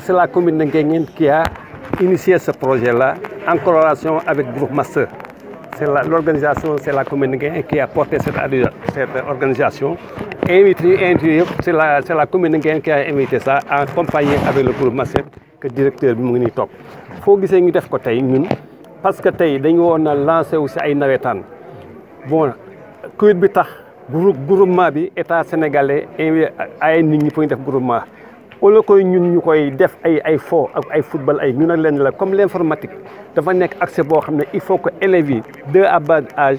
c'est la commune de Nguyen qui a initié ce projet-là en collaboration avec le groupe Master. C'est l'organisation, c'est la commune qui a porté cette, organisation. c'est la, la, commune de Nguyen qui a invité ça en compagnie avec le groupe Master que le directeur de mu Il que que nous parce que nous dañu a lancé aussi si ay bon le groupe groupe groupement bi état sénégalais ay nit ñi fu le groupe au lieu ñun ñu koy def ay ay fo ak ay football ay ñun ak leen la comme l'informatique dafa nekk accès boo xam ne il faut que élèves yi de à bas âge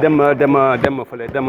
dem dem dem fele dem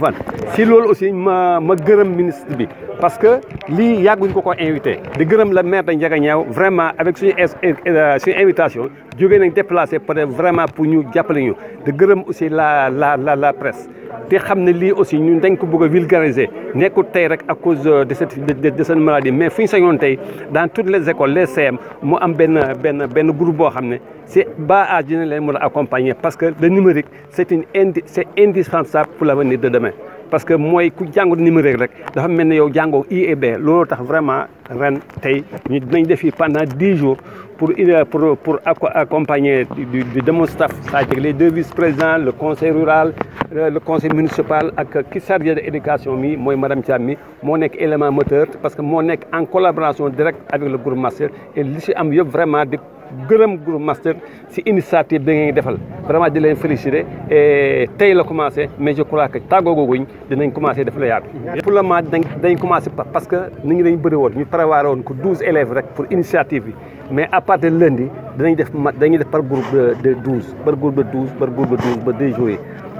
fan si l'ol aussi ma ma gërëm ministre bi parce que li yàgguñ ko ko invité di gërëm la maire de Ndiaganiao vraiment avec suñu euh, euh, suñu invitation jógee nañ déplacer peut-être vraiment pour ñu jàppale ñu di gërëm aussi la la la la presse te xamné li aussi ñun dañ ko bëgg vulgariser nekkul tay rek à cause de cette de cette maladie mais fuñ sañon tay dans toutes les écoles les CM mu am ben ben ben groupe bo xamné c'est bas âge dina leen mëna accompagner parce que le numérique c'est une c'est indispensable pour l'avenir de demain parce que mooy ku jàngu numérique rek dafa melni yow jàngoo IEB lolu tax vraiment ren tay ñu dinañ def pendant 10 jours pour pour pour accompagner du de mon staff c'est-à-dire les deux vice-présidents le conseil rural euh, le conseil municipal ak qui chargé de éducation mi Mme madame Thiam élément moteur parce que mon en collaboration directe avec le groupe master et li si am vraiment de grand groupe master une initiative bi ngeen vraiment di les féliciter et tey la commencer mais je crois que tàggoo googuñ dinañ commencé def la yaatu. pour le moment dañ dañ commencé parce que nous ñi dañ bëri ñu élèves pour initiative mais à partir de lundi de def de def par groupe de 12, par groupe de 12, par groupe de 12, ba deux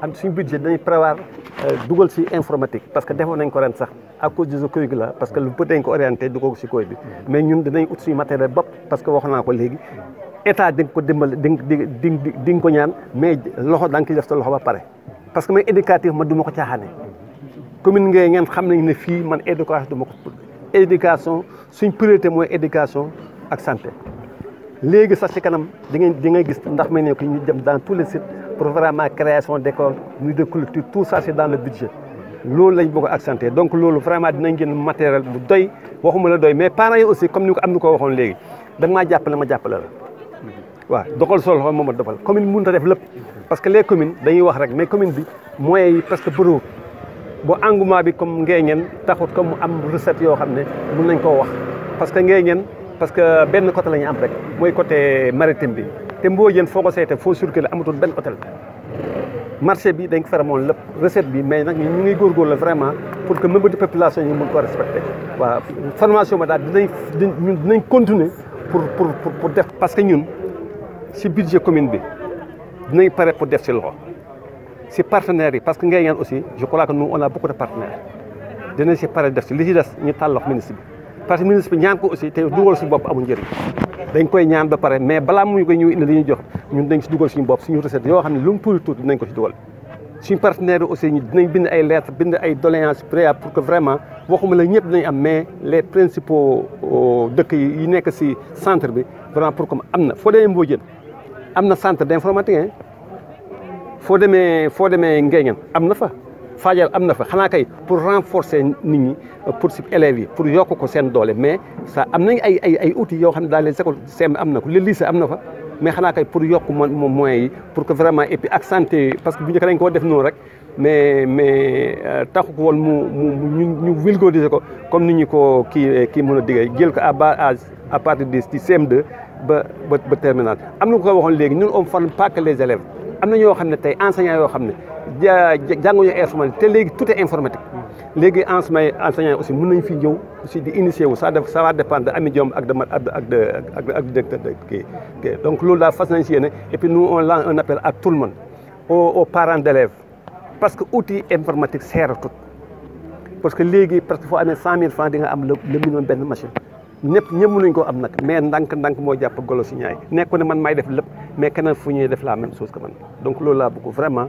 am suñu budget dañuy prévoir euh, dugal si informatique parce que defoon nañ ko ren sax à cause de parce que lu bët dañ si Covid bi mais ñun dinañ ut suñu parce que wax naa ko léegi état di nga ko dimbale di di di nga ko ñaan mais loxo da nga def sa loxo ba pare parce que man ma du ma ko caaxaane commune ngay ngeen xam nañ ne fii man éducation du ma ko éducation suñ priorité mooy éducation ak santé léegi sax si kanam di ngeen di ngay gis ndax may ne ko ñu dem dans tous les sites pour vraiment création d'école ñu de culture tout ça c'est dans le budget loolu lañ bëgg a donc loolu vraiment dinañ gën matériel bu doy waxuma la doy mais parents yi aussi comme ni ko am ni ko waxoon léegi da nga maa jàppale ma jàppale la waaw doxal sol xool moom Comme doxal commune a def lépp parce que les communes dañuy wax rek mais commune bi moyens yi presque bëriwul bu engouement bi comme Nguéniène taxut comme am recette yoo xam ne nañ koo wax parce que Nguéniène parce que benn côté la ñu am rek mooy côté maritime bi te Mbodiène foo ko seetee foo circulé amatul benn hôtel marché bi dañ ko feramoon recette bi mais nak ñu ngi góorgóorlu vraiment pour que même di population ñu mën ko respecté wa formation ma daal dinañ dinañ continuer pour pour pour def parce que ñun ci budget commune bi dinañ paré pour def ci loxo ci partenaires yi parce que ngay aussi je crois que nous on a beaucoup de partenaires dinañ ci paré def ci li ci dess ñu talox ministre bi parce que ministre bi ñaan ko aussi té dugal si bop amul njëriñ dañ koy ñaan ba pare mais balaa muy koy ñëw indi li ñuy jox ñun dañ si dugal suñu bopp suñu recette yoo xam ne lu mu tuuti tuuti dinañ ko si dugal suñu partenaire aussi ñu dinañ bind ay lettres bind ay doléances préalables pour que vraiment waxuma la ñëpp dinañ am mais les principaux euh, dëkk yi yi nekk si centre bi vraiment pour que am na foo demee Mbodiène am na centre d' informatique foo demee foo demee Nguéniène am na fa fajal amna fa xana kay pour renforcer nit ñi pour ci élèves yi pour yok ko seen doole mais ça amna nañ ay ay ay outils yo xamne ne daal les écoles CM ko le lycée amna fa mais xana kay pour yok moom moyens yi pour que vraiment et puis accentuer parce que buñu ko dañ ko def non rek mais mais euh, taxu ko woon mu mu ñu vulgariser ko comme nit ñi ko ki ki mëna a diggee jël ko à bas âge à partir de ci CM2 ba ba ba terminal am ko waxon légui ñun on forme pas que les élèves amna ñoo xamne tay enseignant yo xamne ne ñu informatique té légui tout est informatique légui enseignement enseignant aussi mën nañ fi ñëw aussi di initier wu ça ça va dépendre ami jom ak de ak de ak de directeur de kii donc loolu la fas nañ si yéene et puis nous on lance un appel à tout le monde aux, aux parents d'élèves parce que outil informatique sert tout parce que légui parce que foo amee 100000 francs di nga am le le minimum ben machine ñep ñëmu ñu ko am nak mais ndank ndank mo japp golo ci ñay nekku ne man may def lepp mais keneen fu ñuy def la même chose que man donc loolu laa bëgg vraiment.